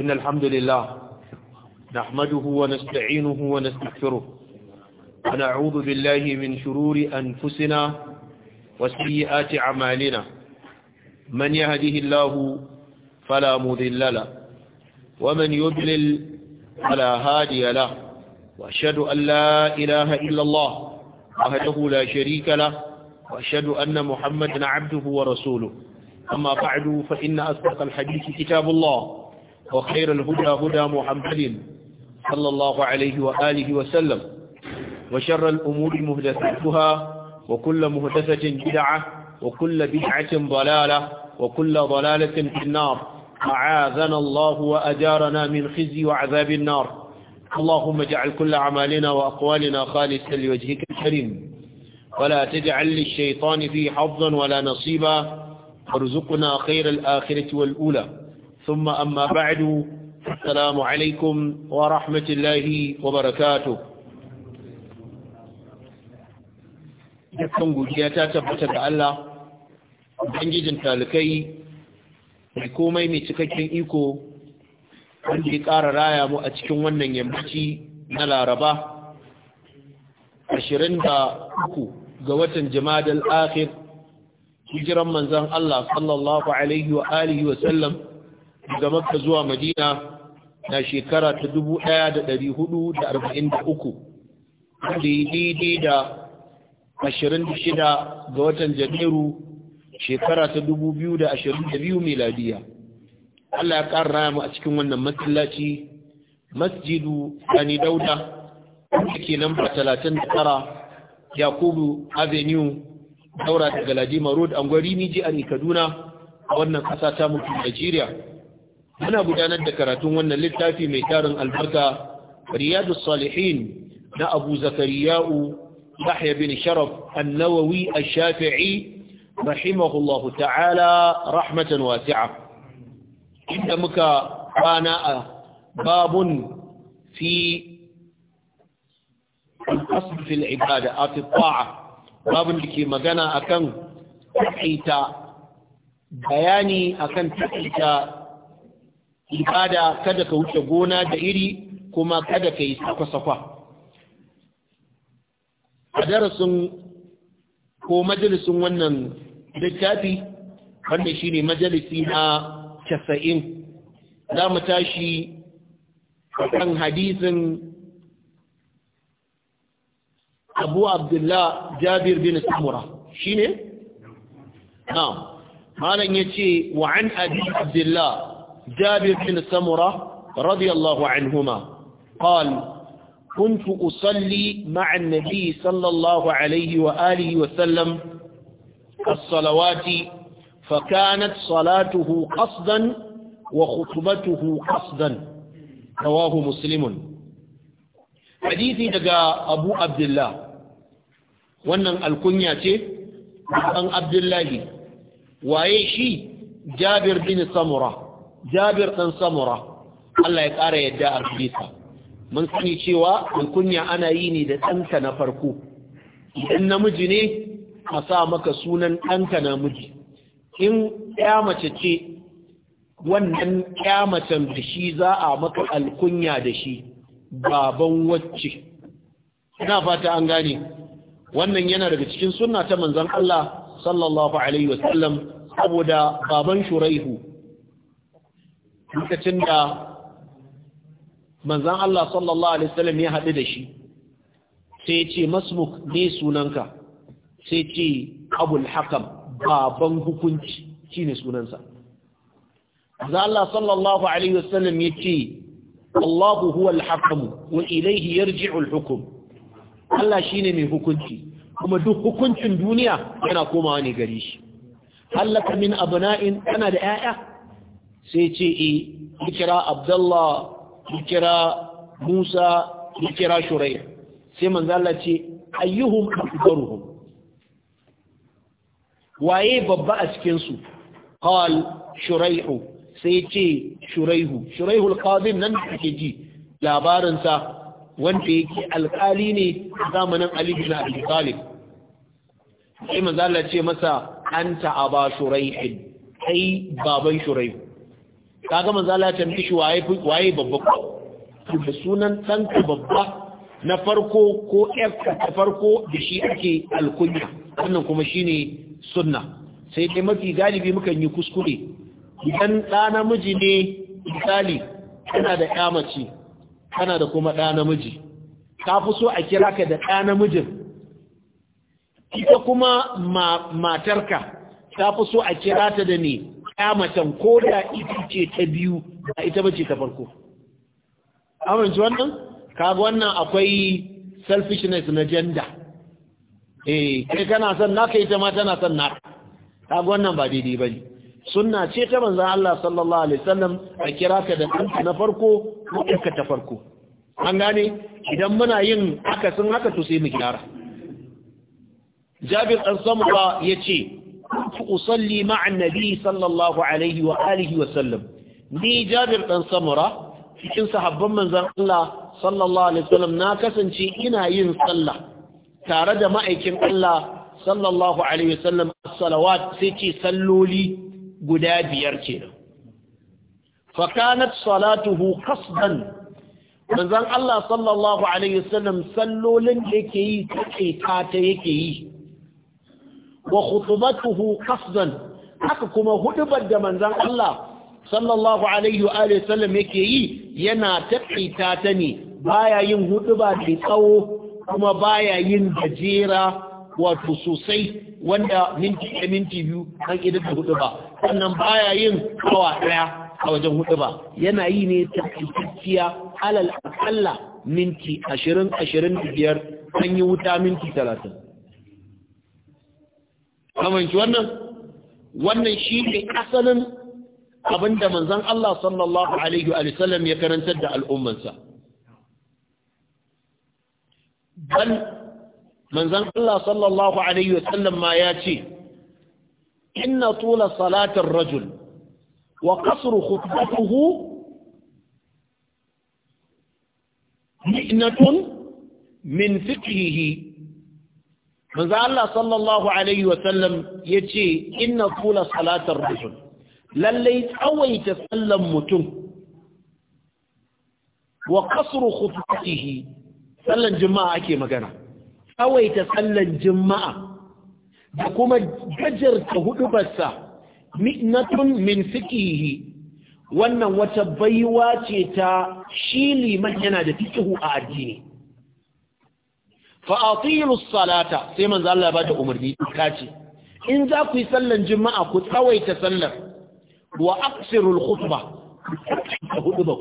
إن الحمد لله نحمده ونستعينه ونستغفره ونعوذ بالله من شرور أنفسنا وسيئات أعمالنا من يهده الله فلا مذل له ومن يضلل فلا هادي له وأشهد أن لا إله إلا الله وحده لا شريك له وأشهد أن محمدا عبده ورسوله أما بعد فإن أصدق الحديث كتاب الله وخير الهدى هدى محمد صلى الله عليه وآله وسلم وشر الأمور مهدثتها وكل مهدثة بدعة وكل بدعة ضلالة وكل ضلالة في النار أعاذنا الله وأجارنا من خزي وعذاب النار اللهم اجعل كل عمالنا وأقوالنا خالصا لوجهك الكريم ولا تجعل للشيطان فيه حظا ولا نصيبا وارزقنا خير الآخرة والأولى ثم أما بعد السلام عليكم ورحمة الله وبركاته Dukkan gujiya ta tabbata da Allah, Ubangijin talikai mai komai mai cikakken iko wanda ya ƙara raya mu a cikin wannan yammaci na Laraba, 23 ga watan Jama'adal Akhir, hijiran manzan Allah sallallahu Alaihi wa Alihi wa sallam daga makka zuwa madina na shekara ta 1443 daidai da 26 ga watan janairu shekara ta 2022 miladiya Allah ya ƙara mu a cikin wannan masallaci masjidu sani dauda wanda ke ba 39 yakubu avenue daura daga ladima road gwari miji a kaduna a wannan ƙasa ta mutu nigeria muna gudanar da karatun wannan littafi mai tarin albarka riyadu salihin na abu zakariya'u yahya bin sharaf annawawi a shafii rahimahullahu ta'ala rahmatan wasi'a inda muka kana a babun fi al-qasd a ibada fi at babun da ke magana akan taita bayani akan taita ibada kada ka wuce gona da iri kuma kada ka yi a darasin ko majalisun wannan littafi wanda shi ne majalisi na casa'in za mu tashi kan hadisin abu abdullah jabir bin samura shi ne? na malam ya ce wa'an abu abdullah جابر بن سمرة رضي الله عنهما قال كنت أصلي مع النبي صلى الله عليه وآله وسلم الصلوات فكانت صلاته قصدا وخطبته قصدا رواه مسلم حديثي دقى أبو عبد الله wannan alkunya ce ɗan abdullahi waye shi jabir bin samura jabir ɗan samura Allah ya ƙara yadda a hadisa mun sani cewa alkunya ana yi ne da ɗanka na farko idan namiji ne a sa maka sunan ɗanka namiji in ya mace ce wannan ya macen da shi za a maka alkunya da shi baban wacce ina fata an gane wannan yana daga cikin sunna ta manzon Allah sallallahu alaihi wasallam saboda baban shuraihu lokacin da manzan Allah sallallahu Alaihi wasallam ya haɗu da shi sai ce masmuk ne sunanka sai ce abul hakam baban hukunci shi ne sunansa manzan Allah sallallahu Alaihi wasallam ya ce Allahu huwa al-hakamu wa ilaihi yarji'u al-hukm Allah shine mai hukunci kuma duk hukuncin duniya yana komawa ne gare shi hallaka min abna'in kana da 'ya'ya sai ce e ya kira abdullah ya kira musa ya kira shuraya sai manzala ce ayyuhum akbaruhum waye babba a cikinsu Kawal shuraihu sai ce shuraihu shuraihu alqadim nan ke ji labarinsa wanda yake alkali ne zamanin Ali na Abi Talib sai manzo Allah ce masa an ta'aba shuraihin kai baban shuraihu kaga manzo Allah ya tambaye shi waye waye babba da sunan ɗanka babba na farko ko ƴarka ta farko da shi ake alkunya wannan kuma shine sunna sai dai mafi galibi mukan yi kuskure idan da namiji ne misali kana da ƴa mace kana da kuma ɗa namiji ka fi so a kira ka da ɗa namijin ita kuma matarka ta fi so a kira ta da ne ya macen ko da ita ce ta biyu ba ita ba ta farko amince wannan kaga wannan akwai selfishness na gender eh kai kana son naka ita ma tana son naka kaga wannan ba daidai bane sunna ce ta manzon Allah sallallahu alaihi wasallam a kira ka da ɗanka na farko ko ka ta farko an gane idan muna yin haka sun haka to sai mu gyara Jabir dan ya ce. كنت أصلي مع النبي صلى الله عليه وآله وسلم ni jabir ɗan samura cikin sahabban manzan Allah sallallahu alaihi wasallam na kasance ina yin sallah tare da ma'aikin Allah sallallahu alaihi wasallam salawat sai ce salloli guda biyar kenan fa kanat salatuhu qasdan manzan Allah sallallahu alaihi wasallam sallolin da yake yi take ta yake yi wa khutubatuhu qasdan haka kuma hudubar da manzon Allah sallallahu alaihi wa alihi sallam yake yi yana taƙaita ta ne baya yin huduba da tsawo kuma baya yin gajera wato sosai wanda minti da minti biyu an idan da hudu ba sannan baya yin awa daya a wajen hudu ba yana yi ne ta cikakkiya alal akalla minti ashirin ashirin da biyar an yi wuta minti talatin kamanci wannan wannan shi ne asalin abinda manzan Allah sallallahu Alaihi wasallam ya karantar da al'ummansa ban manzan Allah sallallahu Alaihi wasallam ma ya ce inna tula salatin rajul wa kasru khutbatuhu ni'natun min fiqhihi manzo Allah sallallahu alaihi wasallam yace inna qula salatar rusul lallai tsawaita sallan mutum wa kasru khutbatihi sallan juma'a ake magana tsawaita sallan juma'a da kuma gajarta hudubarsa mi'natun min fiqihi wannan wata baiwa ce ta shi liman yana da fiqhu a addini fa'atilu salata sai manzo Allah ya bata umarni ka ce in za ku yi sallar juma'a ku tsawaita sallar wa aksirul khutba khutba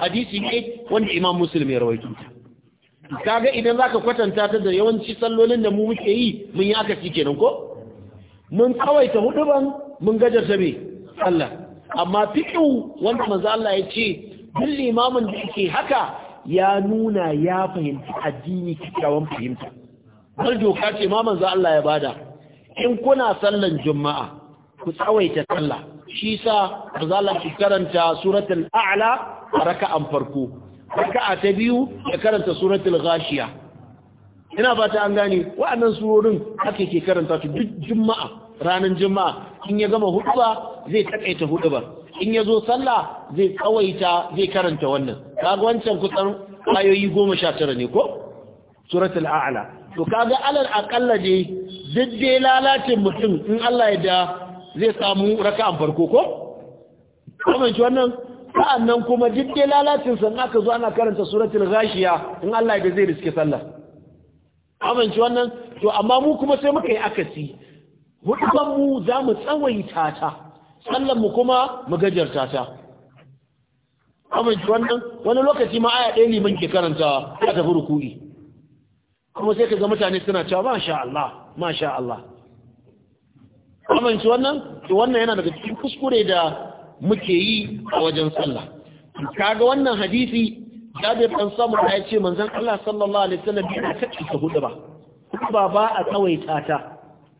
hadisi ne wanda imam muslim ya rawaito kaga idan zaka kwatanta ta da yawanci sallolin da mu muke yi mun yi aka kenan ko mun tsawaita huduban mun gajarta me sallah amma fi'u wanda manzo Allah ya ce duk limamin da yake haka ya nuna ya fahimci addini kyakkyawan fahimta har doka ce ma manzo Allah ya bada in kuna sallan juma'a ku tsawaita sallah shi sa manzo Allah ki karanta suratul a'la raka'an farko raka'a ta biyu ya karanta suratul ghashiya ina fata an gane wa'annan surorin ake ke karanta su duk juma'a ranar juma'a in ya gama hutuba zai takaita hutubar in ya zo sallah zai kawaita zai karanta wannan kaga wancan kusan ayoyi goma sha tara ne ko suratul a'la to kaga alal aqalla dai duk dai lalacin mutum in Allah ya da zai samu raka'an farko ko kuma shi wannan sa'annan kuma duk dai lalacin san aka zo ana karanta suratul ghashiya in Allah ya da zai riske sallah amince wannan to amma mu kuma sai muka yi akasi mu za mu tsawaita ta sallan mu kuma mu gajarta ta amince wannan wani lokaci ma aya ɗaya liman ke karanta ya tafi rukuri kuma sai ka ga mutane suna cewa masha Allah masha Allah amince wannan to wannan yana daga cikin kuskure da muke yi a wajen sallah kaga wannan hadisi Jabir dan samu ya ce manzon Allah sallallahu alaihi wasallam yana ta hudu ba ba ba a tsawaita ta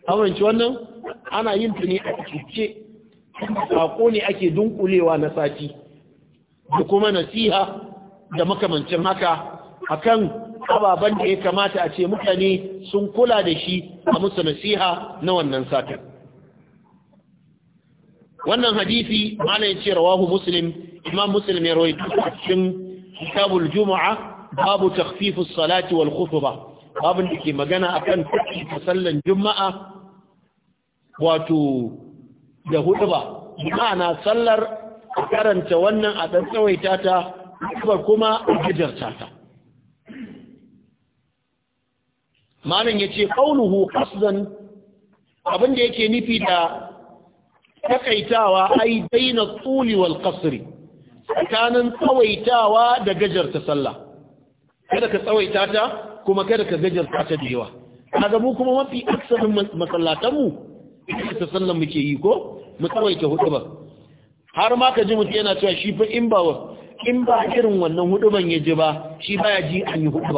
amince wannan ana yin tuni a cikin sako ne ake dunkulewa na sati da kuma nasiha da makamancin haka akan ababen da ya kamata a ce mutane sun kula da shi a musu nasiha na wannan satin wannan hadisi mana ya ce rawahu muslim imam muslim ya rawaito a cikin kitabul juma'a babu takhfifus salati wal khutbah babin da ke magana akan tafi juma'a wato da hudu ba ma'ana sallar karanta wannan a ɗan tsawaita ta ba kuma gajarta ta ma'anin ya ce ƙaunuhu ƙasdan abinda yake nufi da takaitawa ai daina tsuli wal kasri tsakanin tsawaitawa da gajarta sallah kada ka tsawaita ta kuma kada ka gajarta ta da yawa kaga mu kuma mafi aksarin masallatanmu ta sallan muke yi ko mu tsawaita huɗuba. har ma ka ji mutum yana cewa shi fi in ba in ba irin wannan hudu ya ji ba shi baya ji an yi abin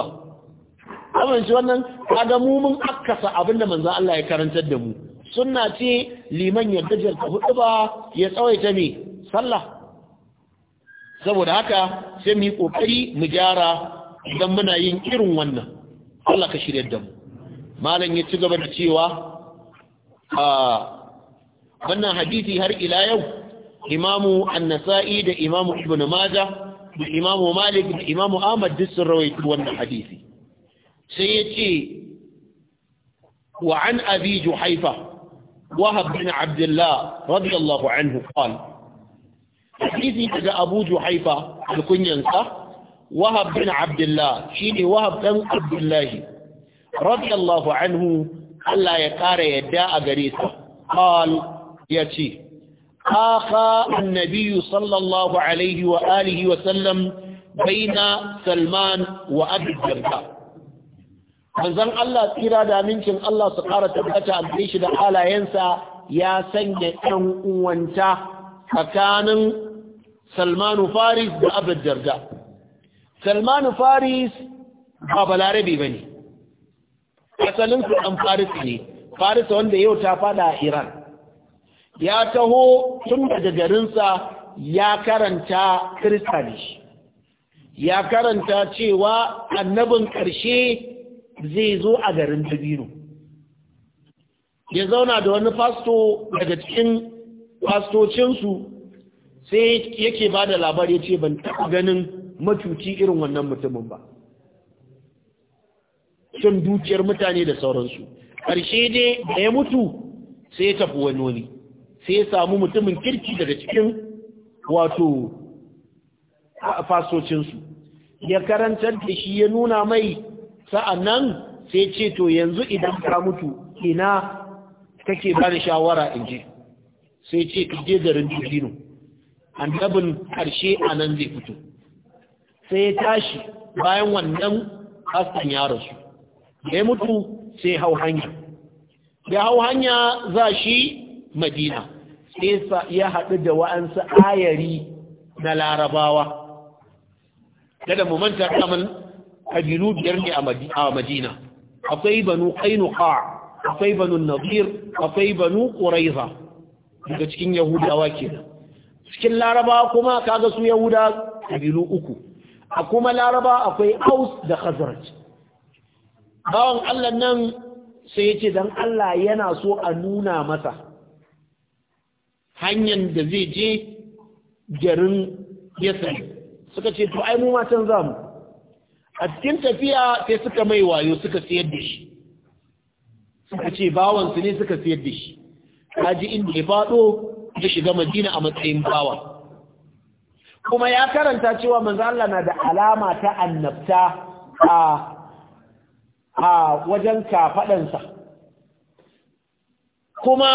amince wannan kaga mu mun abin abinda manzan Allah ya karantar da mu sunna ce liman ya hudu huɗuba, ya tsawaita me sallah saboda haka sai mu yi kokari mu gyara idan muna yin irin wannan Allah ka shirye da mu malam ya ci gaba da cewa a ah, wannan hadisi har ila yau imamu annasa'i da imamu ibn maja da imamu malik da imamu ahmad duk sun rawaito wannan hadisi sai ya ce wa an abi juhaifa wahab bin abdullah radiyallahu anhu qal hadisi daga abu juhaifa alkunyansa wahab bin abdullah shine wahab dan abdullahi radiyallahu anhu Allah ya kara yadda a gare sa qal ya ce "Haƙa annabiyu sallallahu alaihi wa alihi wa sallam baina salman wa abdurrahman manzon Allah tsira da amincin Allah su ƙara tabbata a gare shi da halayensa ya sanya ɗan uwanta tsakanin Salmanu Faris da Abdul Salmanu Faris ba balarabe ba ne, asalin su ɗan Faris ne, Faris wanda yau ta fada a Iran. ya taho tun daga garinsa ya karanta kiristali ya karanta cewa annabin ƙarshe zai zo a garin dabino ya zauna da wani fasto daga cikin fastocinsu sai yake ba da ya ce ban taɓa ganin matuci irin wannan mutumin ba cin dukiyar mutane da sauransu ƙarshe dai da ya mutu sai ya tafi wani wani sai ya samu mutumin kirki daga cikin wato fasocinsu ya karantar da shi ya nuna mai sa'annan sai ce to yanzu idan ka mutu ina kake ba da shawara in je sai ce ka je garin dubino annabin karshe a nan zai fito sai ya tashi bayan wannan hastan ya rasu ya mutu sai hau hanya ya hau hanya za shi madina Nesa ya haɗu da wa'ansu ayari na larabawa kada mu manta kamar kabilu biyar ne a madina akwai banu qainuqa akwai banu nazir, akwai banu ƙuraiza. daga cikin yahudawa kenan cikin larabawa kuma kaga su yahuda kabilu uku a kuma laraba akwai aus da khazraj bawan Allah nan sai ya ce don Allah yana so a nuna masa hanyar da zai je garin yasari suka ce to ai mu ma za mu a cikin tafiya sai suka mai wayo suka siyar da shi suka ce bawansu ne suka siyar da shi ji inda ya faɗo ya shiga madina a matsayin bawa kuma ya karanta cewa manzo Allah na da alama ta annabta a a wajen kafadansa kuma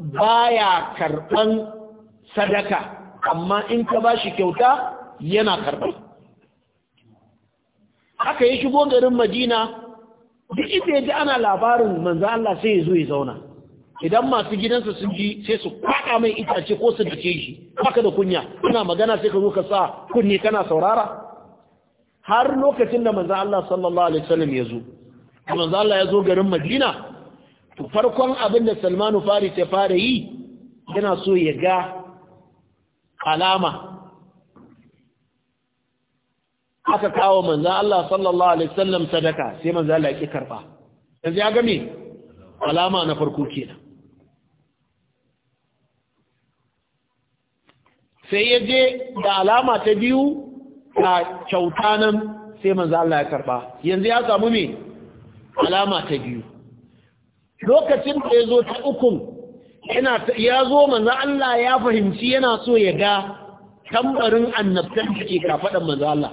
baya karɓan sadaka amma in ka ba shi kyauta yana karɓar aka yi shigo garin madina duk inda ya ji ana labarin manzan Allah sai ya zo ya zauna idan masu gidansa sun ji sai su kwaɗa mai itace ko su dake shi haka da kunya kuna magana sai ka zo ka sa kunne kana saurara har lokacin da manzan Allah sallallahu alaihi wasallam ya zo manzan Allah ya zo garin Madina to farkon abin da salmanu fari ta fara yi yana so ya ga alama aka kawo manzan Allah sallallahu Alaihi wasallam sadaka sai manzan Allah ya karɓa yanzu ya game alama na farko kenan sai ya je da alama ta biyu a kyauta nan sai manzan Allah ya karba yanzu ya samu me alama ta biyu lokacin da ya zo ta ukun ya zo manzo Allah ya fahimci yana so ya ga tambarin annabtan da ke kafaɗan manzo Allah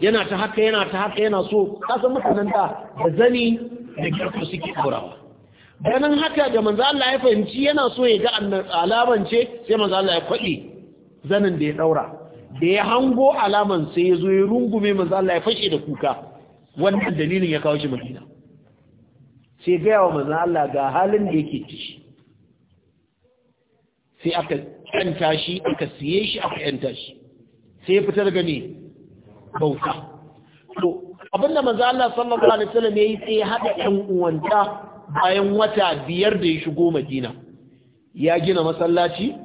yana ta haka yana ta haka yana so kasan mutanen da da zani da girku suke ɗaurawa ganin haka da manzo Allah ya fahimci yana so ya ga alaman ce sai manzo Allah ya kwaɗi zanin da ya ɗaura da ya hango alaman sai ya zo ya rungume manzo Allah ya fashe da kuka wannan dalilin ya kawo shi madina sai gaya wa mazan Allah ga halin da yake ciki sai aka yanta shi aka siye shi aka yanta shi sai ya fitar gani bauta to abinda mazan Allah sallallahu alaihi wasallam yayi sai ya hada ɗan uwanta bayan wata biyar da ya shigo Madina ya gina masallaci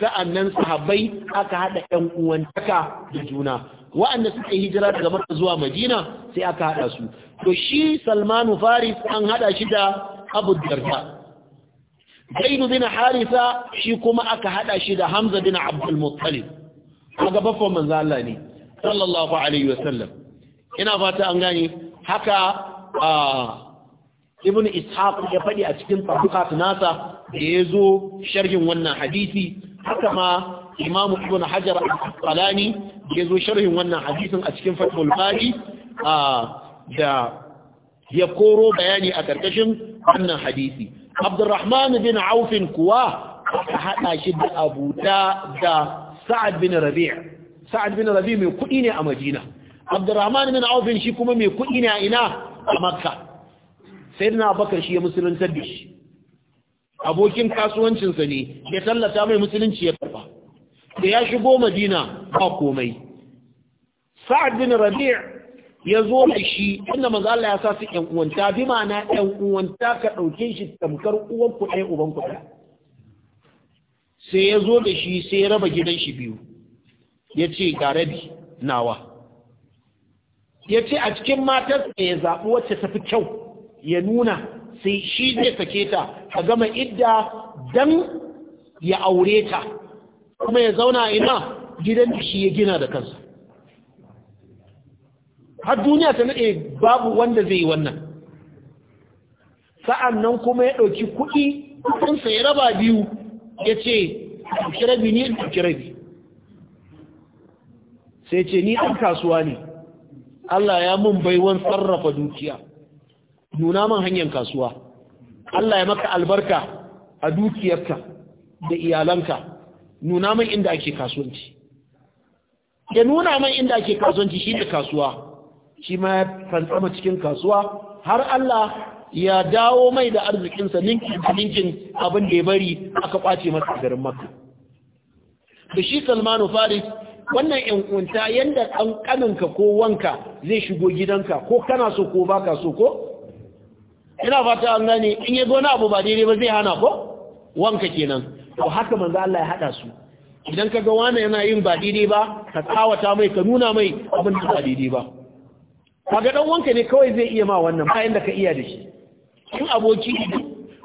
sa'annan sahabbai aka hada ɗan uwantaka da juna wa'anda suka yi hijira daga Makka zuwa Madina sai aka haɗa su to shi salmanu faris an hada shi da abu darda dina bin harisa shi kuma aka hada shi da hamza bin abdul muttalib a manzo Allah ne sallallahu alaihi wasallam ina fata an gane haka ibn ishaq ya faɗi a cikin tabukat nasa da ya zo sharhin wannan hadisi haka ma imam ibn hajar al-asqalani ya zo sharhin wannan hadisin a cikin fathul bari a da ya koro bayani a ƙarƙashin wannan hadisi abdurrahman bin aufin kuwa aka haɗa shi da abuta da sa'ad bin rabi' sa'ad bin rabi' mai kuɗi ne a madina abdurrahman bin aufin shi kuma mai kuɗi ne a ina a makka sayyidina abubakar shi ya musulunta da shi abokin kasuwancinsa ne ya tallata mai musulunci ya karba da ya shigo madina ba komai sa'ad bin rabi' ya zo da shi inda manzo Allah ya sa su ƴan uwanta bi ma'ana ƴan uwanta ka ɗauke shi tamkar uwan ku ɗaya uban ku ɗaya sai ya zo da shi sai ya raba gidan shi biyu ya ce ga rabi nawa ya ce a cikin matar ya zaɓi wacce tafi kyau ya nuna sai shi zai sake ta a gama idda dan ya aure ta kuma ya zauna ina gidan da shi ya gina da kansa har duniya ta nade babu wanda zai yi wannan sa'an nan kuma ya ɗauki kuɗi kun sai raba biyu ya ce ɗauki rabi ni ɗauki rabi sai ce ni ɗan kasuwa ne Allah ya mun baiwan sarrafa dukiya nuna man hanyar kasuwa Allah ya maka albarka a dukiyarka da iyalanka nuna man inda ake kasuwanci ya nuna man inda ake kasuwanci shi da kasuwa shi ma ya fantsama cikin kasuwa har Allah ya dawo mai da arzikinsa ninkin ninkin abin da ya bari aka kwace masa garin Makka da shi Salmanu Faris wannan 'yan'uwanta kunta yanda ka ko wanka zai shigo gidanka ko kana so ko baka so ko ina fata an gane in ya gona abu ba daidai ba zai hana ko wanka kenan to haka manzo Allah ya hada su idan ka ga wani yana yin ba daidai ba ka tsawata mai ka nuna mai abin da ba daidai ba kaga dan wanka ne kawai zai iya ma wannan bayan da ka iya da shi in aboki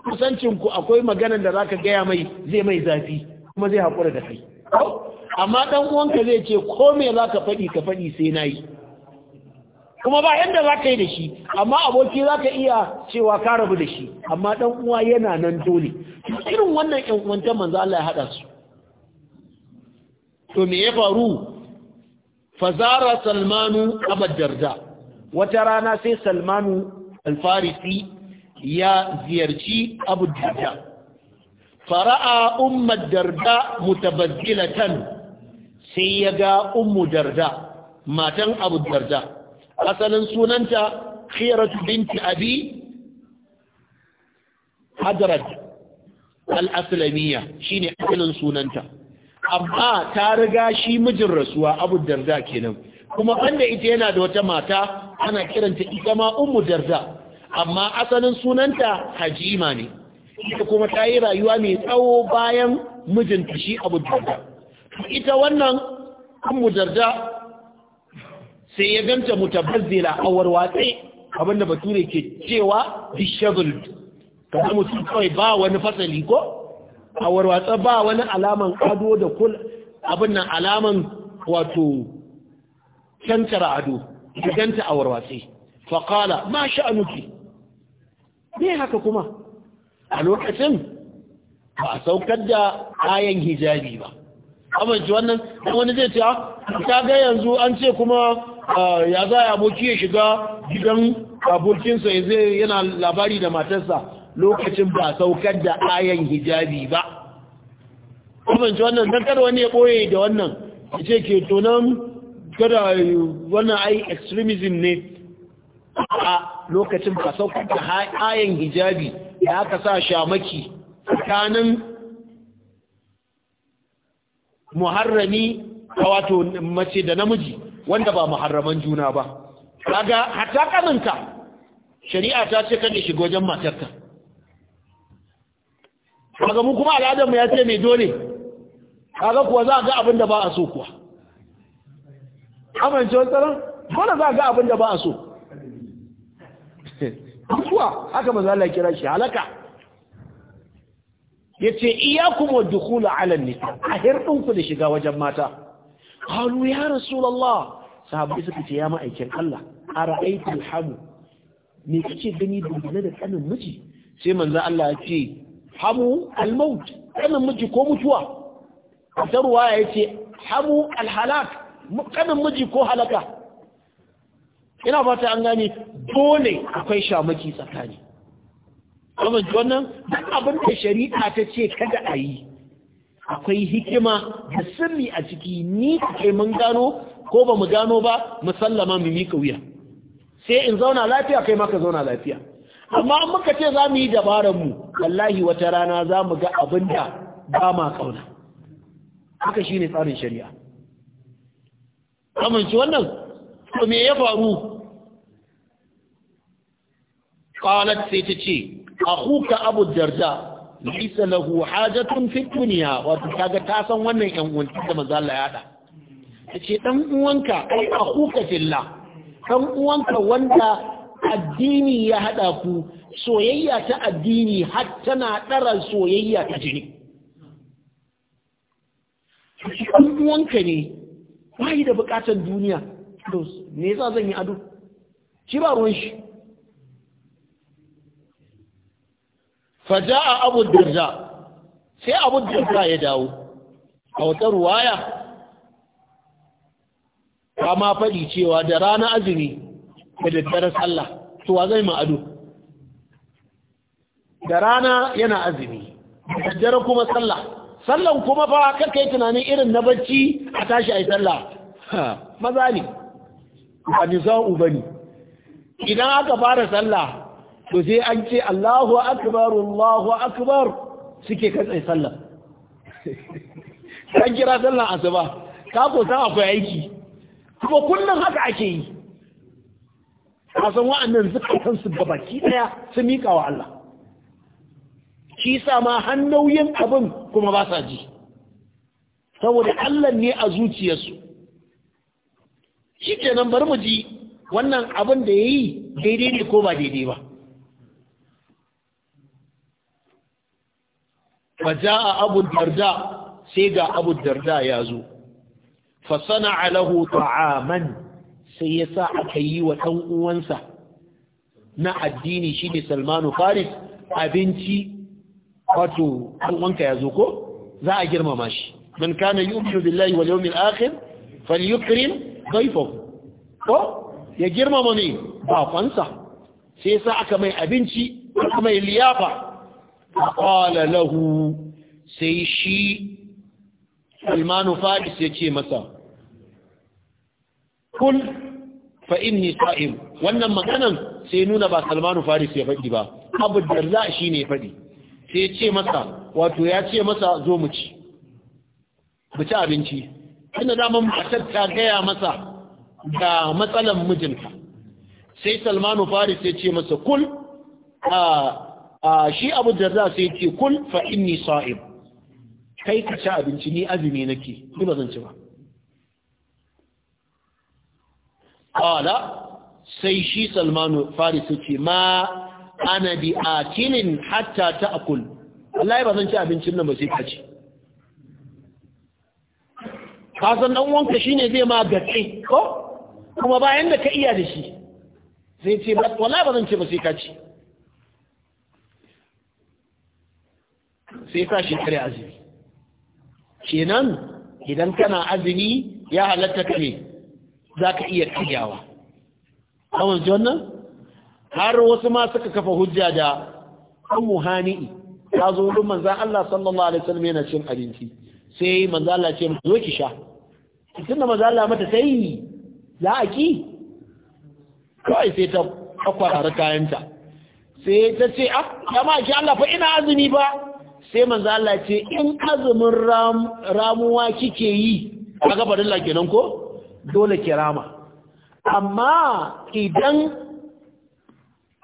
kusancin ku akwai magana da zaka gaya mai zai mai zafi kuma zai hakura da kai amma dan uwanka zai ce ko me zaka faɗi ka faɗi sai nayi kuma ba yanda zaka yi da shi amma aboki zaka iya cewa ka rabu da shi amma dan uwa yana nan dole irin wannan ƴan uwanta manzo Allah ya hada su to me ya faru fazara salmanu abad darda wata rana sai salmanu alfarisi ya ziyarci abu darda fara'a ummar darda mutabazzilatan sai ya ga ummu darda matan abu darda asalin sunanta khiratu binti abi hadrat al-aslamiyya shine asalin sunanta amma ta riga shi mijin rasuwa abu darda kenan kuma banda ita yana da wata mata ana kiranta ita ma ummu darda amma asalin sunanta hajima ne ita kuma ta yi rayuwa mai tsawo bayan mijinta shi abu darda ita wannan ummu darda sai ya ganta mutabazzila a warwatse abinda bature ke cewa disheveled kamar mutum kawai ba wani fasali ko a warwatsa ba wani alaman ado da kul abin nan alaman wato cancara ado gidanta ganta a warwatse faƙala ma sha'anuki ne haka kuma a lokacin ba a saukar da ayan hijabi ba amince wannan wani zai ce ah, ta ga yanzu an ce kuma ah, ya za a aboki ya shiga gidan abokinsa ya zai yana labari da matarsa lokacin ba a saukar da ayan hijabi ba amince wannan don kada wani ya ɓoye da wannan ya ce ke tonan kada wannan ai extremism ne a lokacin ba da ayan hijabi da aka sa shamaki tsakanin muharrami wato mace da namiji wanda ba muharraman juna ba kaga hata kaninka shari'a ta ce kan shiga wajen matarka kaga mu kuma al'adarmu ya ce mai dole kaga kuwa za a ga abin da ba a so kuwa amince wani tsaron dole za ga abin da ba a so mutuwa haka maza Allah kira shi halaka ya ce iya kuma dukula alan nisa a hirɗinku da shiga wajen mata hannu ya rasulallah sahabai suka ce ya ma'aikin Allah a ra'aitul hamu me kace gani dangane da tsanin miji sai manzo Allah ya ce hamu al-maut tsanin miji ko mutuwa A wata ruwaya ya ce hamu al-halak kanin miji ko halaka ina fata an gane dole akwai shamaki tsakani kuma wannan duk abin da shari'a ta ce kada a yi akwai hikima da sirri a ciki ni kai mun gano ko ba mu gano ba musallama mu mika wuya sai in zauna lafiya kai maka zauna lafiya amma an muka ce za mu yi dabarar mu wallahi wata rana za mu ga abin da ba ma kauna haka shine tsarin shari'a amince wannan to me ya faru qalat sai ta ce akhuka abu darda laysa lahu hajatun fi dunya wato kaga ta san wannan yan uwan da manzo Allah ya hada tace dan uwanka akhuka fillah dan uwanka wanda addini ya hada ku soyayya ta addini har tana ɗara soyayya ta jini. Wanka ne ba da bukatar duniya to me yasa zan yi ado shi ba ruwan shi faja'a abu dirja sai abu dirja ya dawo a wata ruwaya ba ma faɗi cewa da rana azumi da daddare sallah to wa zai ma ado da rana yana azumi da daddare kuma sallah sallan kuma fa ka yi tunanin irin na bacci a tashi a yi sallah maza ne ba ba idan aka fara sallah to sai an ce Allahu akbar Allahu akbar suke katsai sallah kan kira sallan asuba ka ko san akwai aiki kuma kullum haka ake yi a san wa'annan zuka kansu gabaki daya su mika wa Allah shi sa ma hannoyin abin kuma ba sa ji saboda Allah ne a zuciyarsu shi nan bar mu ji wannan abin da ya yi daidai ne ko ba daidai ba faja a abu darda sai ga abu darda ya zo fasana alahu ta'aman sai ya sa aka yi wa ɗan uwansa na addini shi ne salmanu faris abinci wato an wanka ya zo ko za a girmama shi man kana yu'minu billahi wal yawmil akhir falyukrim dhayfahu ko ya girmama ne bakonsa sai sa aka mai abinci aka mai liyafa qala lahu sai shi Salmanu Faris ya ce masa Kun fa inni sa'im wannan maganan sai nuna ba Salmanu Faris ya faɗi ba Abu Darda shine ya faɗi sai ce masa wato ya ce masa zo mu ci mu ci abinci tunda daman matar ta gaya masa ga matsalan mijinta sai salmanu faris sai ce masa kul a shi abu darda sai ce kul fa inni sa'im kai ka ci abinci ni azumi nake ni ba zan ci ba qala sai shi salmanu faris sai ce ma ana bi kilin hatta ta akul wallahi ba zan ci abincin nan ba sai ka ci ka san dan wanka shine zai ma gatsi ko kuma bayan da ka iya da shi zai ce wallahi ba zan ci ba sai ka ci sai ka shi kare azumi kenan idan kana azumi ya halatta ka ne za ka iya kiyawa kawai wannan har wasu ma suka kafa hujja da ummu hani'i ta zo wurin manzan Allah sallallahu alaihi wasallam yana cin abinci sai manzan Allah ce zo ki sha da manzan Allah mata sai za a ki kawai sai ta kwakwara kayanta sai ta ce ah jama'a ki Allah fa ina azumi ba sai manzan Allah ce in azumin ramuwa kike yi kaga barilla lakinan ko dole ki rama amma idan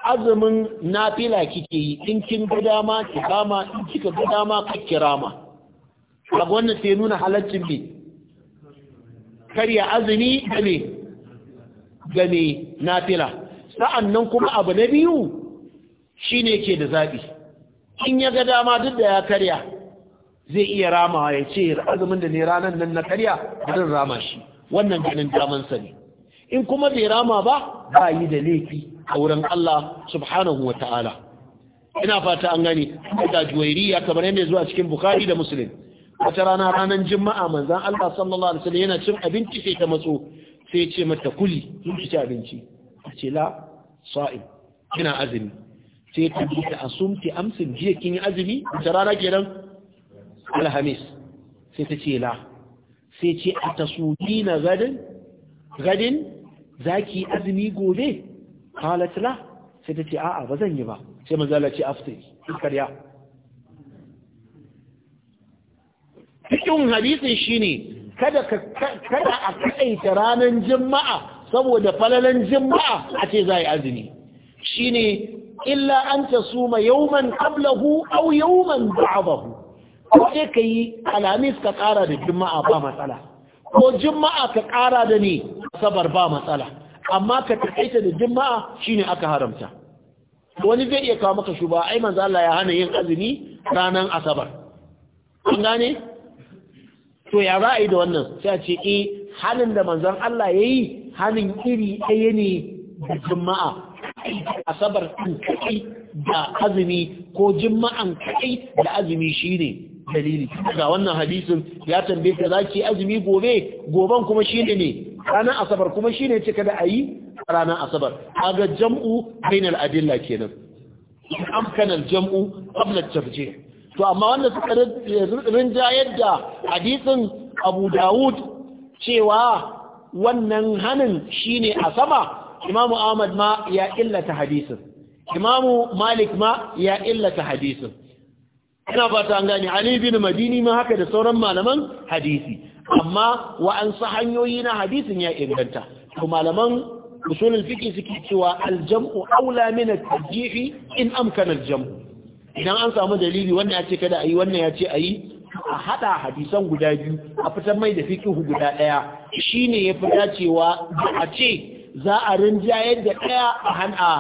azumin nafila kike yi in kin ga dama ki kama in kika ga dama ka ma kaga wannan sai nuna halaccin bi karya azumi game game nafila nan kuma abu na biyu shine yake da zabi in ya ga dama duk da ya karya zai iya ramawa ya ce azumin da ne ranar nan na karya zan rama shi wannan ganin sa ne in kuma bai rama ba ba yi da laifi a wurin Allah subhanahu wa ta'ala ina fata an gani da juwairiya kamar yadda zuwa cikin bukari da muslim wata rana ranar jima'a manzan Allah sallallahu alaihi wasallam yana cin abinci sai ta matso sai ya ce mata kuli in ci abinci A ce la sa'im ina azumi sai ta bi ta asumti amsin jiya kin yi azumi wata rana kenan alhamis sai ta ce la sai ce a tasudina gadin gadin zaki azumi gobe qalat sai ta ce a'a ba zan yi ba sai ce aftari karya cikin hadisin shine kada ka kada a kaita ranar juma'a saboda falalan juma'a a ce zai azumi shine illa an tasuma yawman qablahu aw yawman ba'dahu ko sai kai alamis ka kara da juma'a ba matsala ko juma'a ka kara da ni asabar ba matsala amma ka taƙaita da juma'a shine aka haramta wani zai iya kawo maka shuba ai manzo Allah ya hana yin azumi ranan asabar kun gane to ya za da wannan sai a ce eh halin da manzon Allah yayi halin iri ɗaya ne da juma'a asabar ɗin kai da azumi ko juma'an kai da azumi shine dalili ga wannan hadisin ya tambaye ka zaki azumi gobe goban kuma shine ne ranar asabar kuma shine ce kada ayi ranar asabar kaga jam'u bainal adilla kenan amkana jamu qabla tarjih to amma wannan suka rinja yadda hadisin Abu Dawud cewa wannan hanin shine a sama Imamu Ahmad ma ya illata hadisin Imamu Malik ma ya illata hadisin ina fata an gane Ali bin Madini ma haka da sauran malaman hadisi amma wa'ansu hanyoyi na hadisin ya inganta to malaman usulul fiqh suke cewa aljam'u aula min at-tarjih in amkana jam'u idan an samu dalili wanda ya ce kada ayi wannan ya ce ayi a hada hadisan guda biyu a fitar mai da fiqh guda daya shine yafi dacewa a ce za a rinjayar da daya a hana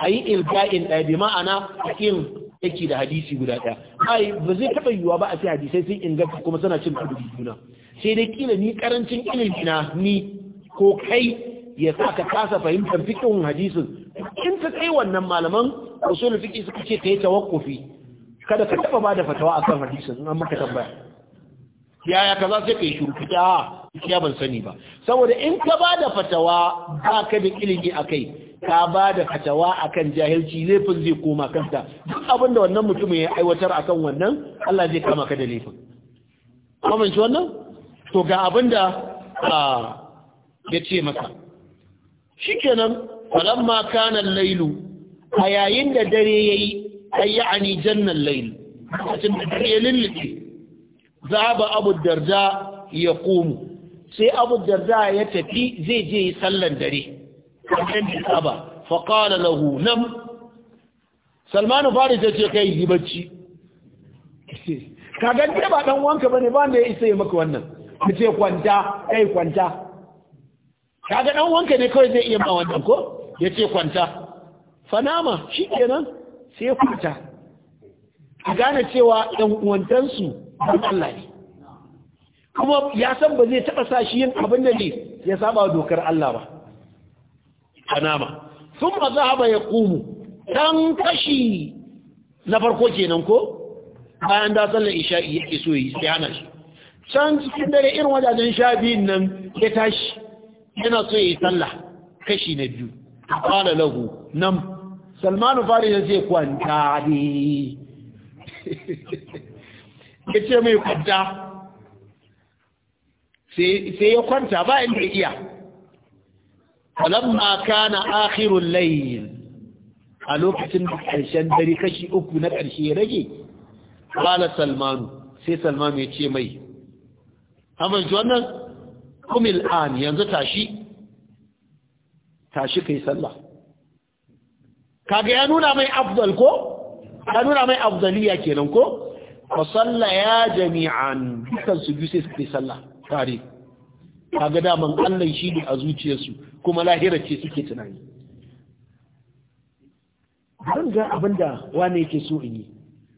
ayi ilga'in daya bi ma'ana fiqh yake da hadisi guda ɗaya ai ba zai taɓa yiwuwa ba a ce hadisai sun inganta kuma suna cin karo da juna sai dai kila ni karancin ilimi na ni ko kai ya sa ka kasa fahimtar fikin hadisin in ta kai wannan malaman usulul fiqh suka ce ta yi tawakkufi kada ka taba bada fatawa akan hadisin in an maka tambaya yaya za sai kai shiru fita ah, ya ban sani ba saboda in ka da fatawa ba ka da ilimi kai. ka ba da fatawa akan jahilci laifin zai koma kanta duk abin da wannan mutumin ya aiwatar a kan wannan Allah zai kama ka da laifin kuma shi wannan to ga abin da ya ce maka shikenan ma kanan lailu a yayin da dare ya yi, yayi ayyani jannan a cin da dare ya lulluke ba abu darda ya komu sai abu darda ya tafi zai je sallan dare kamar da saba fa qala lahu nam salmanu faris ya ce kai yi bacci kaga dai ba dan wanka bane ba da isa ya maka wannan ya ce kwanta kai kwanta kaga dan wanka ne kawai zai iya ma wannan ko ya ce kwanta fanama shikenan sai kwanta a gane cewa dan uwantansu don Allah ne kuma ya san ba zai taɓa sa shi yin abin da ne ya saba dokar Allah ba kanama sun ba za ya kumu ɗan kashi na farko kenan ko bayan da sallar isha'i ya iso yi sai hana shi can cikin dare irin wajajen sha biyun nan ya tashi yana so ya yi sallah kashi na biyu kwana lagu nan salmanu fari ya ce kwanta ne ya ce mai kwanta sai ya kwanta ba inda iya falamma kana akhirul layl a lokacin karshen dare kashi uku na karshe rage qala salman sai salman ya ce mai amma ji wannan kumil an yanzu tashi tashi kai sallah kaga ya nuna mai afdal ko ya nuna mai afdaliya kenan ko fa salla ya jami'an dukkan su biyu sai su kai sallah tare kaga daman Allah shi ne a zuciyarsu kuma lahira ce suke tunani zan ga abin da wane yake so in yi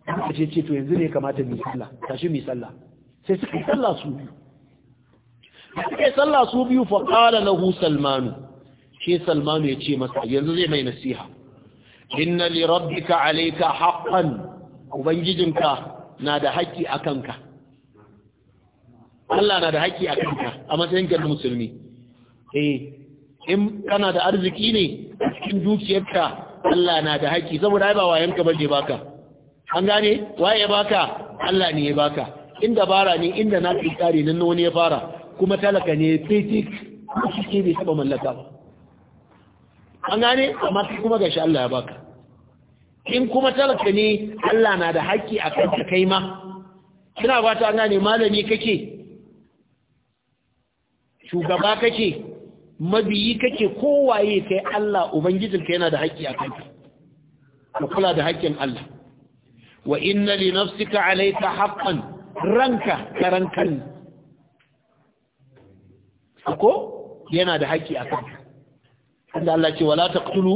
a ce ce to yanzu ne kamata mai sallah tashi mai sallah sai suka yi sallah su biyu suka yi sallah su biyu fa qala lahu salmanu shi salmanu ya ce masa yanzu zai mai nasiha inna li rabbika alayka haqqan ubangijinka na da haƙƙi a kanka Allah na da haƙƙi a kanka a matsayin na musulmi eh in kana da arziki ne a cikin dukiyarka Allah na da haƙƙi saboda ba wayan ka baje baka an gane waye baka Allah ne ya baka inda bara ne inda na kai tsari nan wani ya fara kuma talaka ne fitik shi ke bai taba mallaka ba an gane amma kai kuma gashi Allah ya baka in kuma talaka ne Allah na da haƙƙi a kanka kai ma kina ba ta an gane malami kake shugaba kake mabiyi kake kowaye kai Allah ubangijinka yana da haƙƙi a kanka ka kula da haƙƙin Allah wa inna li nafsika alayka haqqan ranka karankan ko yana da haƙƙi a kanka inda Allah ce wala taqtulu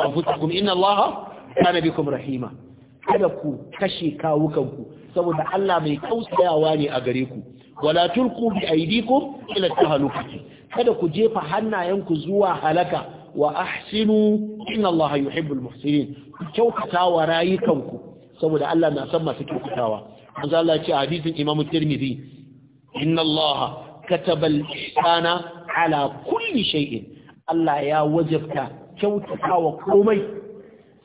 anfusakum inna Allaha kana bikum rahima kada ku kashe kawukan ku saboda Allah mai kausayawa ne a gare ku wala tulqu bi aydikum ila tahlukati kada ku jefa hannayenku zuwa halaka wa ahsinu inna Allah yuhibbul muhsinin kyautata wa rayukanku saboda Allah na san masu kyautatawa manzo Allah ya ce hadisin Imam Tirmidhi inna Allah kataba al-ihsana ala kulli shay'in Allah ya wajabta kyautatawa komai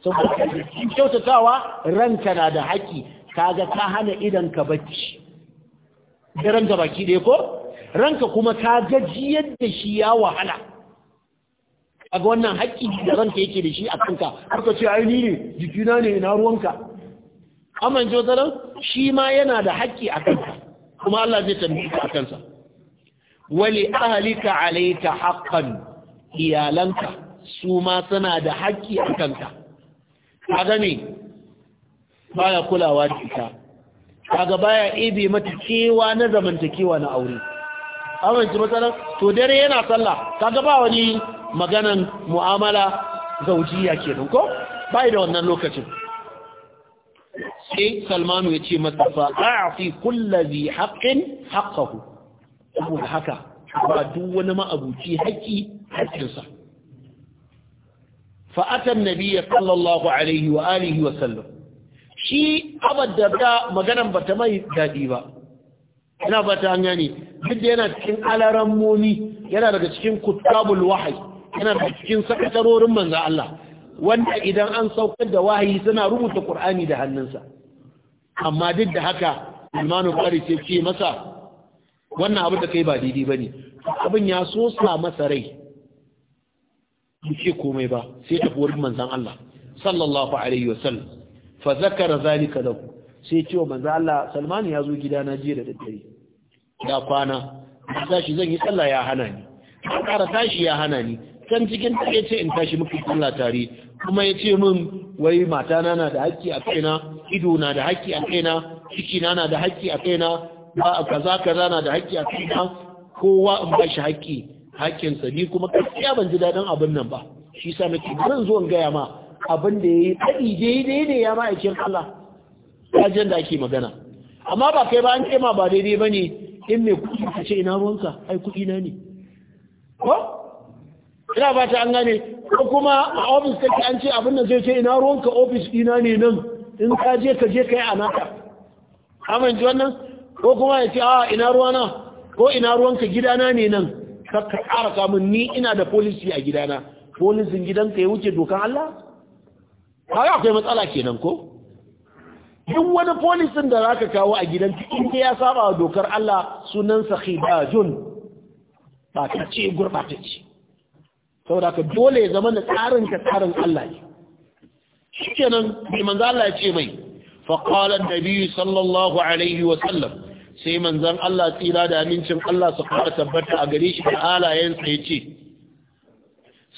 saboda kyautatawa ranka na da haƙi kaga ka hana idan ka bacci daren gabaki ɗaya ko ranka kuma ka gajiyar da shi ya wahala a ga wannan haƙƙi da ranka yake da shi a kanka har ka ce aini ne jikina ne na ruwanka amman jotaran shi ma yana da haƙƙi a kanka kuma Allah zai tambayi ka a kansa wali ahlika alayka haqqan iyalanka su ma suna da haƙƙi a kanka kaga ne baya kulawa da ita kaga baya ibe mata cewa na zamantakewa na aure amince matsalar to dare yana sallah ta ba wani maganan mu'amala zaujiya kenan ko bai da wannan lokacin sai salmanu ya ce masa fa a'fi kullazi haƙahu abu da haka ba duk wani ma'abuci haƙi haƙinsa fa'atan atan nabiyya sallallahu alaihi wa alihi wa sallam shi abadda maganan bata mai daɗi ba ina ba ta hanya ne duk da yana cikin alaran moni yana daga cikin kutabul wahayi yana daga cikin sakatarorin manzan Allah wanda idan an saukar da wahayi suna rubuta Qur'ani da hannunsa amma duk da haka Imanu Bukhari ce ce masa wannan abu da kai ba daidai bane abin ya so sa masa rai ce komai ba sai tafi wurin manzan Allah sallallahu alaihi wasallam fa zakara zalika lahu sai ce wa manzan Allah Salman ya zo gidana jiya da daddare da kwana tashi zan yi sallah ya hana ni A ƙara tashi ya hana ni can cikin ta ya ce in tashi muka sallah tare kuma ya ce min wai matana na da haƙƙi a kaina ido na da haƙƙi a kaina ciki na na da haƙƙi a kaina ba kaza kaza na da haƙƙi a kaina kowa in ba shi haƙƙi haƙƙinsa ni kuma gaskiya ban ji dadin abin nan ba shi sa nake zan zo in gaya ma abin da yayi faɗi daidai ne ya ma'aikin Allah ajin da ake magana amma ba kai ba an ce ba daidai bane in mai kuɗi ka ce ina ruwanka ai kuɗi na ne ko ina ba ta an gane ko kuma a ofis kake an ce abin nan zai ce ina ruwanka ofis ɗina ne nan in ka je ka je ka yi a naka amince wannan ko kuma ya ce a ah, ina ruwana ko ina ruwanka gidana ne nan ka ƙara kamun ni ina da policy a gidana policy gidanka ya wuce dokan Allah? Kaga akwai matsala kenan ko? duk wani polisin da zaka kawo a gidanka in ya saba wa dokar Allah sunansa khidajun ba ta ce gurbatacce saboda ka dole ya zama da tsarin ka tsarin Allah ne shikenan bai manzo Allah ya ce mai fa qala an sallallahu alaihi wa sallam sai manzon Allah tsira da amincin Allah su fara tabbata a gare shi da halayensa ya ce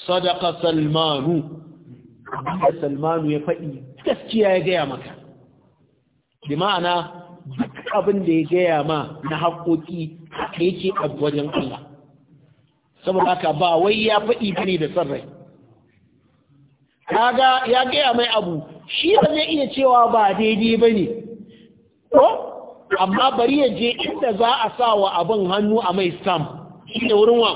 sadaqa salmanu salmanu ya faɗi gaskiya ya gaya maka bi ma'ana duk abin da ya gaya ma na haƙoƙi da yake a wajen Allah saboda haka ba wai ya faɗi bane da san rai kaga ya gaya mai abu shi ba zai iya cewa ba daidai bane ko amma bari ya je inda za a sa wa abin hannu a mai sam inda wurin wa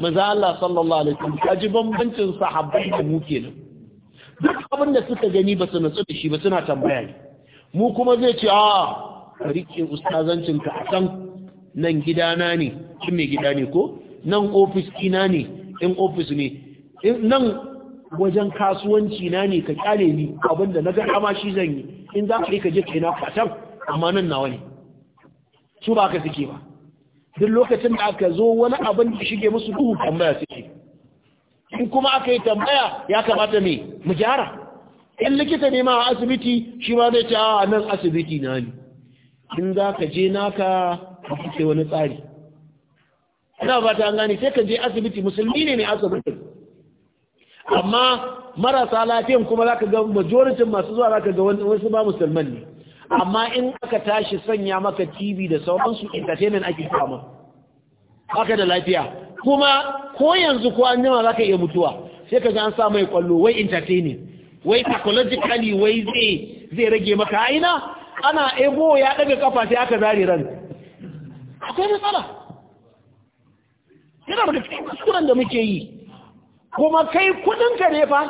maza Allah sallallahu alaihi wasallam kaji bambancin sahabbai da mu kenan duk abin da suka gani ba su natsu da shi ba suna tambaya ne mu kuma zai ce a ka rike ustazancinka a kan nan gidana ne in mai gida ne ko nan ofis ina ne in ofis ne nan wajen kasuwanci na ne ka kyale ni abinda na ga ma shi zan yi in za ka yi ka je ka yi na kwatan amma nan nawa ne su ba ka suke ba duk lokacin da aka zo wani abin da shige musu duhu tambaya suke in kuma aka yi tambaya ya kamata me mu gyara in likita ne ma a asibiti shi ma zai ce a nan asibiti na ne in za ka je naka sai wani tsari ina ba ta gane sai ka je asibiti musulmi ne ne asibiti amma marasa lafiyan kuma za ka ga majoritin masu zuwa za ka ga wasu ba musulman ne amma in aka tashi sanya maka tv da sauransu entertainment ake kama haka da lafiya kuma ko yanzu ko an jima za ka iya mutuwa sai ka ga an sa mai kwallo wai entertainment. wai psychologically wai zai zai rage maka aina ana Ebo ya daga kafa sai aka zare ran akwai matsala yana da cikin kuskuren da muke yi kuma kai kudin ka ne fa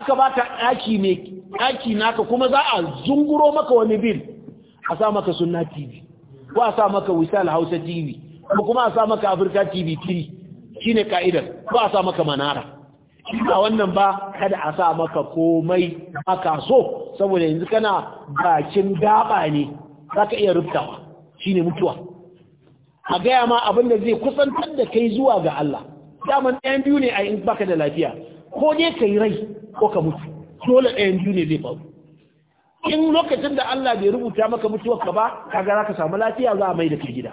aka baka daki ne daki naka kuma za a zunguro maka wani bil a sa maka sunna tv ko a sa maka wisal hausa tv ko kuma a sa maka afirka tv 3 shine ka'idar ko a sa maka manara ba wannan ba kada a sa maka komai aka so saboda yanzu kana bakin gaba ne za ka iya rubtawa shi ne mutuwa a gaya ma abin da zai kusantar da kai zuwa ga Allah daman ɗayan biyu ne a yin baka da lafiya ko dai ka yi rai ko ka mutu dole ɗayan biyu ne zai faru in lokacin da Allah bai rubuta maka mutuwar ka ba ka za ka samu lafiya za a mai da kai gida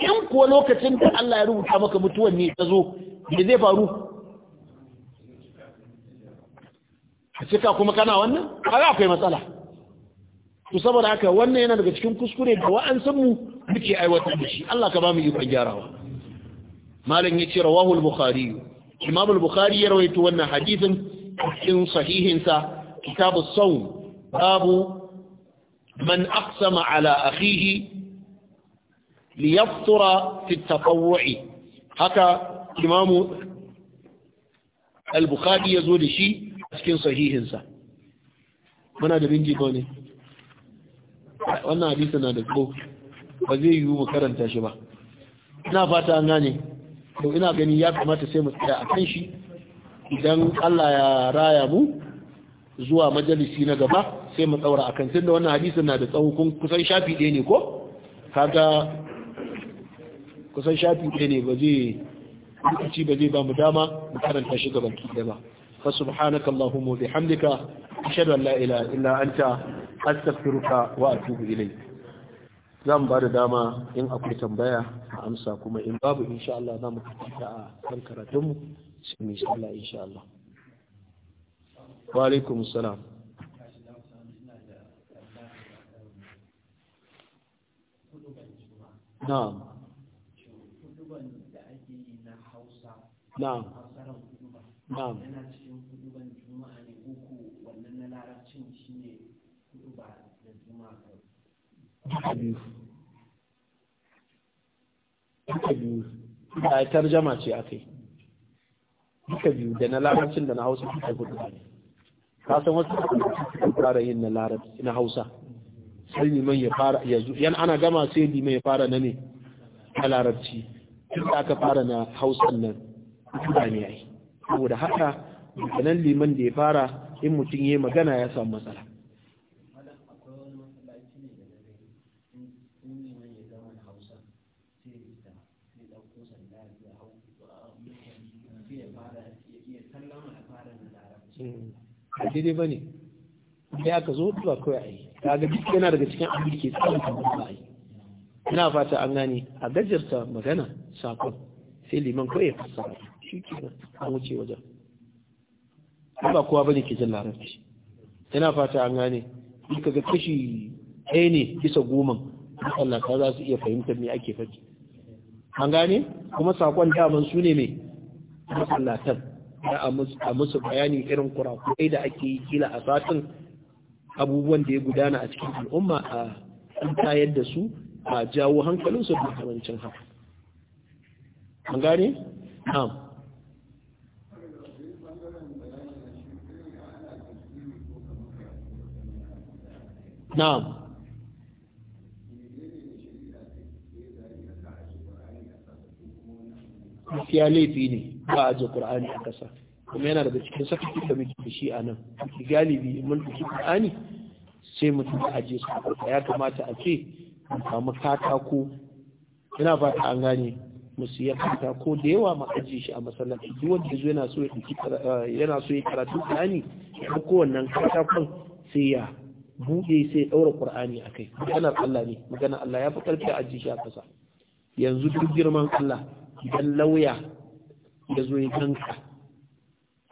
in kuwa lokacin da Allah ya rubuta maka mutuwar ne ta zo me zai faru a cika kuma kana wannan kaga akwai matsala to saboda haka wannan yana daga cikin kuskure da san mu muke aiwatar da shi Allah ka ba mu ikon gyarawa malam yace rawahu al-bukhari imam al-bukhari ya rawaito wannan hadisin cikin sahihin sa kitab as-sawm babu man aqsama ala akhihi liyaftara fi at-tatawwu'i haka imam al-bukhari yazo da shi cikin sahihinsa muna da bingi ko ne wannan hadisi na da ko ba zai yiwu mu karanta shi ba ina fata an gane to ina gani ya kamata sai mu tsaya a kan shi idan Allah ya raya mu zuwa majalisi na gaba sai mu tsaura a kan tunda wannan hadisin na da tsawo kusan shafi ɗaya ne ko kaga kusan shafi ɗaya ne ba zai lokaci ba zai ba mu dama mu karanta shi gaban ki ba فسبحانك اللهم وبحمدك أشهد أن لا إله إلا أنت أستغفرك وأتوب إليك zan ba da dama in akwai tambaya a amsa kuma in babu insha Allah za mu fita a kan karatunmu sai mu insha Allah insha Allah wa alaikum salam na'am na'am na'am duka biyu duka biyu da tarjama ce akai duka biyu da na larabcin da na hausa duka hudu ne ka san wasu suka fara yin na larabci na hausa sai liman ya fara yanzu yan ana gama sai liman ya fara na ne na larabci tun aka fara na hausan nan duka ne ya yi, saboda haka dukkanin liman da ya fara in mutum ya yi magana ya samu matsala a mm. daidai ba ne da aka zo zuwa kawai a yi kaga duk yana daga cikin abin da ke tsarin kamar ba a yi ina fata an gane a gajarta magana sakon sai liman kawai ya fassara shi ke nan an wuce wajen ba kowa ba ne ke jin larabci ina fata an gane in ka ga kashi ɗaya ne bisa goman masallata za su iya fahimtar me ake faɗi an gane kuma sakon daman su ne mai masallatan da a musu bayani irin kurakurai da ake yi kila a satin abubuwan da ya gudana a cikin al'umma a tayar da su a jawo hankalin su da kamancin haka an gane? na'am na'am Mafiya laifi ne ba a je qur'ani a kasa kuma yana daga cikin sakaci da muke da shi a nan ki galibi mun ɗauki qur'ani sai mutum a je su ya kamata a ce mu samu katako ina fata an gane mu siya katako da yawa mu ajiye shi a masallaci duk wanda yazo yana so ya yana so ya karatu qur'ani ko kowannan katakon sai ya buɗe sai ya ɗaura ƙur'ani a kai maganar Allah ne maganar Allah ya fi ƙarfi a shi a ƙasa yanzu duk girman Allah idan lauya ya zo ya kanka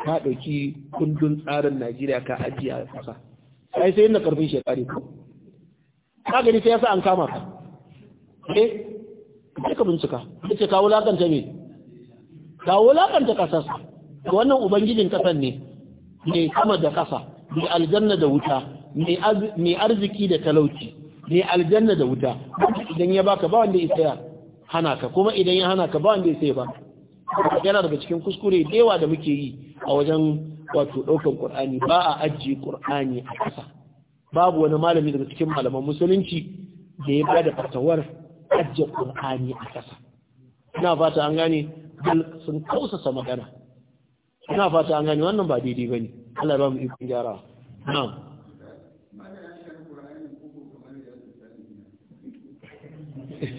ka ɗauki kundin tsarin najeriya ka ajiye a ƙasa sai sai na karfin shekari ko ka gani sai yasa an kama ka eh sai ka bincika sai ce kawo lakanta me kawo lakanta kasarsa wannan ubangijin kasan ne ne sama da kasa ne aljanna da wuta ne arziki da talauci ne aljanna da wuta idan ya baka ba wanda ya tsaya hana ka kuma idan ya hana ka ba wanda ya sai ba yana daga cikin kuskure da yawa da muke yi a wajen wato daukar ƙur'ani ba a ajiye ƙur'ani a ƙasa babu wani malami daga cikin malaman musulunci da ya ba da fatawar ajiye ƙur'ani a ƙasa ina fata an gane sun kausasa magana ina fata an gane wannan ba daidai ba ne Allah ba mu ikon gyara na'am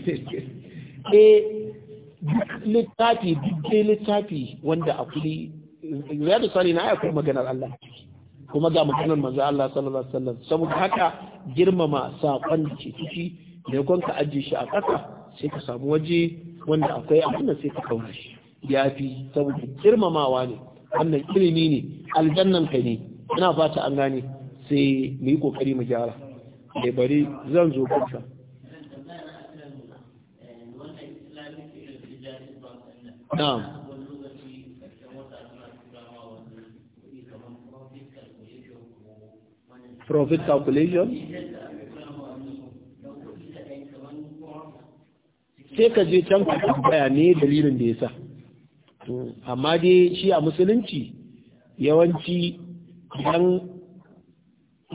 Thank you. ke littafi duk littafi wanda ya da salih na kuma maganar Allah kuma ga maganar manzo Allah sallallahu alaihi wasallam saboda haka girmama sakon da ke ciki da kon ka ajiye shi a ƙasa sai ka samu waje wanda akwai abin da sai ka kauna shi yafi saboda girmamawa ne wannan ilimi ne aljannan ka ne ina fata an gane sai mu yi kokari mu gyara dai eh, bari zan zo kanka profit calculation sai ka je can ka tambaya ne dalilin da ya sa amma dai shi a musulunci yawanci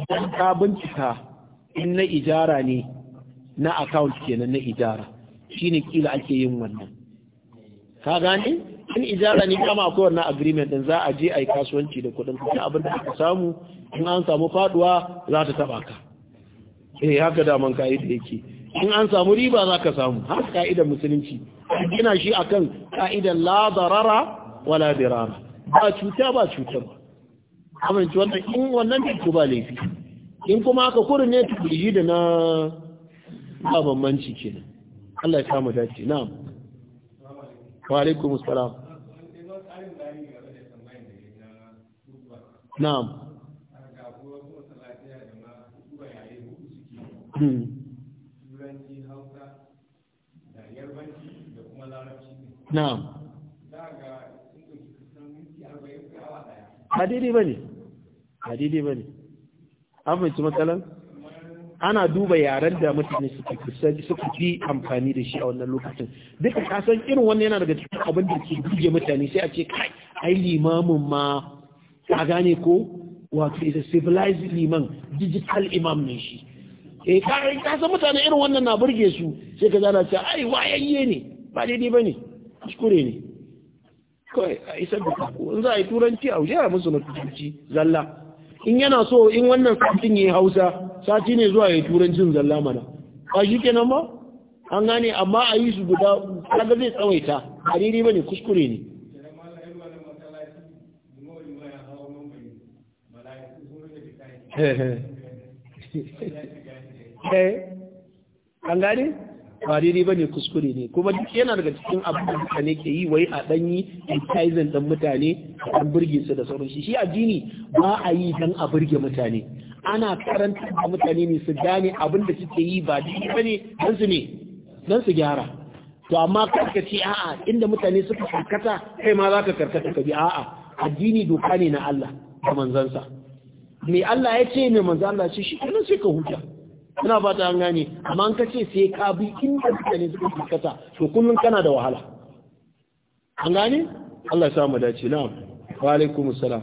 idan ka bincika in na ijara ne na account kenan na ijara shi shine kila ake yin wannan ka gani in ijara ne kama akwai wannan agreement din za a je a yi kasuwanci da kudin kuma abin da ka samu in an samu faduwa za ta taba ka eh haka daman ka'ida yake in an samu riba za ka samu har ka'idar musulunci gina shi akan ka'idar la darara wala dirara ba cuta ba cuta ba amince wannan in wannan ku ba laifi in kuma aka kurin ne tukulji da na babban manci kenan Allah ya kama dace na'am wa alaikum نعم na'am da yarbanci da kuma matsalar ana duba yaren da mutane suka fi amfani da shi a wannan lokacin duka kasan irin wannan yana daga cikin abin da ke buge mutane sai a ce kai ai limamin ma ka gane ko wato is a civilized liman digital imam ne shi eh kai kasan mutane irin wannan na burge su sai ka zana ce ai wayayye ne ba daidai ba ne kuskure ne Ko a isar da ku in za a yi turanci a wujera musu na turanci zalla in yana so in wannan kantin ya yi hausa sati ne zuwa ya turancin zalla mana ba shi kenan ba an gane amma a yi su guda kaga zai tsawaita a riri ba ne kuskure ne eh, an gane ba ba ne kuskure ne kuma duk yana daga cikin abin da mutane ke yi wai a ɗanyi enticing ɗan mutane a ɗan burge su da sauran shi shi addini ba a yi don a burge mutane ana karanta da mutane ne su gane abin da suke yi ba da ba ne don su ne don su gyara to amma karka ce a'a inda mutane suka karkata kai ma za ka karkata ka bi a'a addini doka ne na Allah da manzansa me Allah ya ce me manzan Allah ce shi kenan sai ka huta ina ba ta an gane amma an kace sai ka bi inda mutane suka karkata to kullun kana da wahala an gane Allah ya samu dace na'am wa alaikumus salam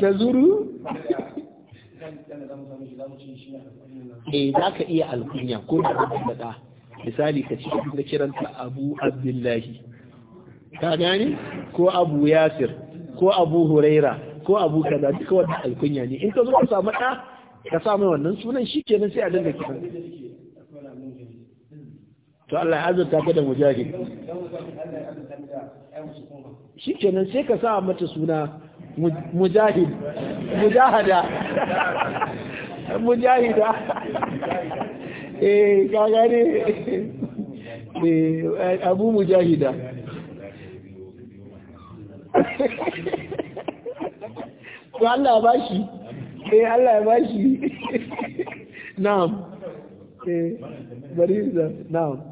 ta zuru eh za ka iya alkunya ko da da da misali ka ce da kiranta abu abdullahi ka gane ko abu yasir ko abu huraira ko abu kaza duka wannan alkunya ne in ka zo ka samu ɗa ka sa wannan sunan shi kenan sai a dinga kiranta to Allah ya azurta ka da mujahid kenan sai ka sa mata suna mujahid mujahada mujahida eh ka gane eh abu mujahida to Allah ya bashi eh Allah ya bashi na'am eh bari na'am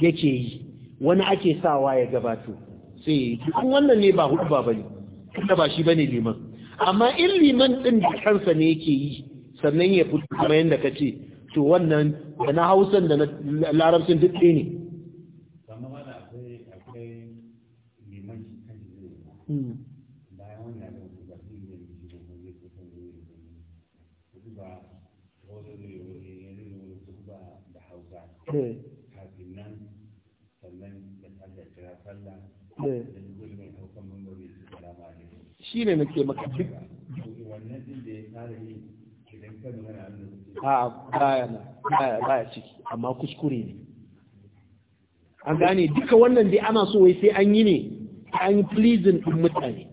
yake yi wani ake sawa ya gabato sai dukkan wannan ne ba hudu ba bane kuma ba shi bane liman amma in liman din da kansa ne yake yi sannan ya fito kuma yanda kace to wannan da na Hausan da Larabcin duk ɗaya ne Yeah. Eh. shi ne nake maka duk a baya baya ciki amma kuskure ne an gane duka wannan dai ana so wai sai an yi ne an yi pleasing ɗin mutane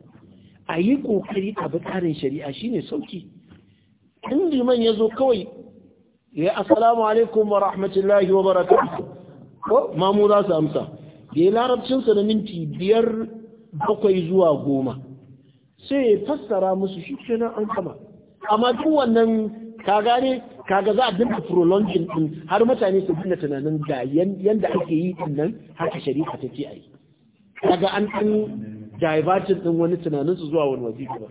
a yi ƙoƙari a bi shari'a shine sauki in liman ya zo kawai ya assalamu alaikum wa rahmatullahi wa barakatuh ko mamu za su amsa da ya larabcinsa na minti biyar bakwai zuwa goma sai ya fassara musu shi ke an kama amma duk wannan ka gane kaga za a dinka prolonging din har mutane su dinga tunanin ga yanda ake yi din nan haka shari'a take a yi kaga an ɗan divertin din wani tunanin su zuwa wani waje ba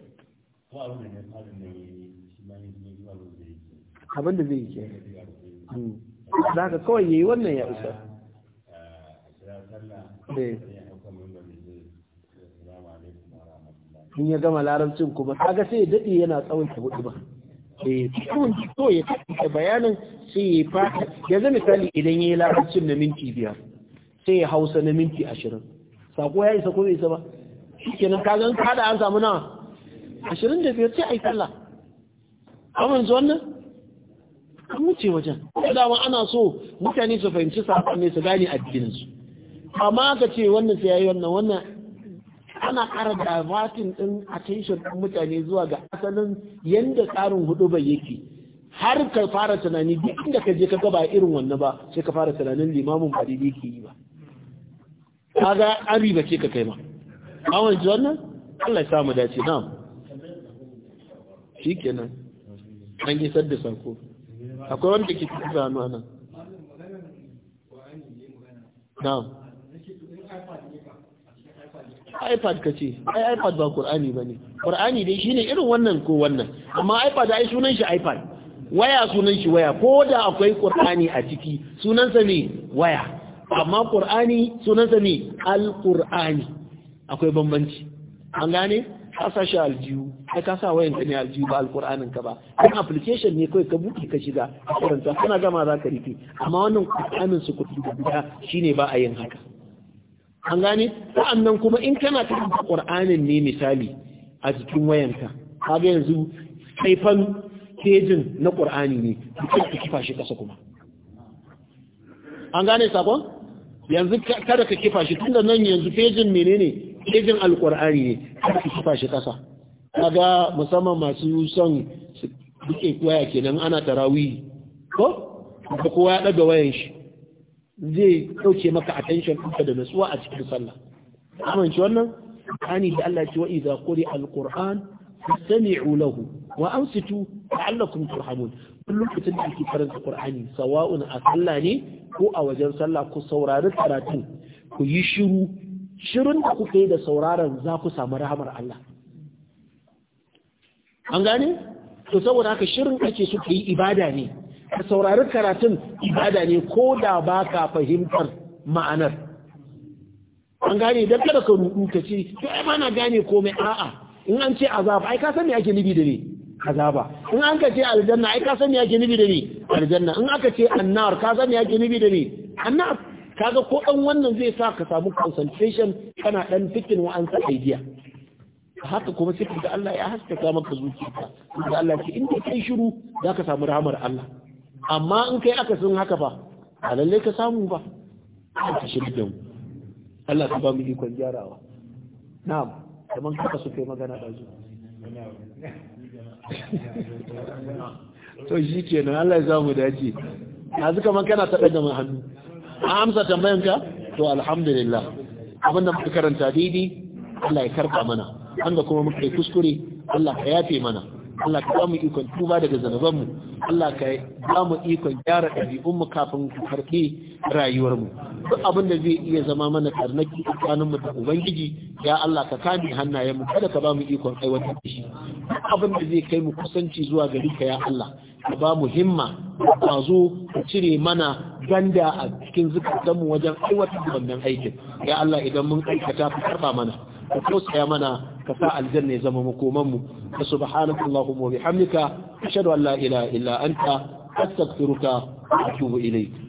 abin da zai yi ke hmm. za ka kawai yayi wannan ya isa Eh. in ya gama larabcin kuma kaga sai ya yana tsawon ta hudu ba eh kun so ya tafi bayanin sai ya fata yanzu misali idan ya yi larabcin na minti biyar sai ya hausa na minti ashirin sako ya isa ko bai isa ba shikenan ka gan kada an samu nawa ashirin da biyar sai a yi sallah kamar zuwan wannan an wuce wajen dama ana so mutane su fahimci sakon ne su gane addininsu amma aka ce wannan sai yayi wannan wannan ana ƙara diverting din attention ɗin mutane zuwa ga asalin yanda tsarin hudu bai yake har ka fara tunani duk inda ka je ka ga ba irin wannan ba sai ka fara tunanin limamin ba daidai ke yi ba kaga an riba ce ka kai ma awon ji wannan Allah ya samu dace na'am shikenan an yi da sako akwai wanda ke kusa nan. nan na'am ipad ka ce ai ipad ba ba ne qur'ani dai shine irin wannan ko wannan amma ipad ai sunan shi ipad waya sunan shi waya ko da akwai qur'ani a ciki sunansa ne waya amma qur'ani sunansa ne alkur'ani akwai bambanci an gane ka shi aljihu ai ka wayan ka ne aljihu ba alqur'anin ka ba kan application ne kai ka buɗe ka shiga karanta kana gama za ka rike amma wannan qur'anin su kuɗi da shine ba a yin haka an gane sa'annan kuma in kana karanta ƙur'anin ne misali a jikin wayanka kaga yanzu haifan kejin na ƙur'ani ne kuma ka kifa shi ƙasa kuma an gane sakon yanzu kada ka kifa shi tunda nan yanzu mene menene kejin Alƙur'ani ne kada ka kifa shi kasa kaga musamman masu son su waya kenan ana tarawi ko kowa ya ɗaga wayan shi zai dauke maka attention ɗinka da nutsuwa a cikin sallah amince wannan kani da Allah ce wa idza quri alquran fastami'u lahu wa ansitu la'allakum turhamun lokacin da ake karanta qur'ani sawa'un a sallah ne ko a wajen sallah ku saurari karatu ku yi shiru shirin da kuka yi da sauraron za ku samu rahamar Allah an gane to saboda haka shirin ake suka yi ibada ne ka saurari karatun ibada ne ko da ba ka fahimtar ma'anar an gane don kada ka rudu ka ce to ai ba na gane komai a'a in an ce azaba ai ka san me ake nubi da ne azaba in an ka ce aljanna ai ka san me ake nubi da ne aljanna in aka ce annar ka san me ake nubi da ni annar kaga ko dan wannan zai sa ka samu concentration kana dan fikin wa an sa idea haka kuma sai da Allah ya haskaka maka zuciyarka da Allah ce in kai shiru za ka samu rahmar Allah amma in kai aka sun haka ba a lalle ka samu ba a ka shirya da mu Allah ka ba mu ikon gyarawa na'am kaman kaka su kai magana da zuwa to shi nan Allah ya mu dace zuka man kana ta da mun hannu an amsa ka to alhamdulillah abinda muka karanta daidai Allah ya karba mana wanda kuma muka yi kuskure Allah ya yafe mana Allah ka mu ikon tuba daga zanabanmu Allah ka ba mu ikon gyara ɗabi'unmu kafin ku karɓi rayuwarmu duk abin da zai iya zama mana karnaki mu da ubangiji ya Allah ka kame hannayenmu kada ka ba mu ikon aiwatar da shi duk abin da zai kai mu kusanci zuwa gari ka ya Allah ka ba mu himma ka zo ka cire mana ganda a cikin zukatanmu wajen aiwatar da wannan aikin ya Allah idan mun aikata ka karɓa mana ka tausaya mana ka sa aljanna ya zama makomanmu ka subhanaka allahumma wa bihamdika ashhadu an la ilaha illa anta astaghfiruka wa atubu ilayk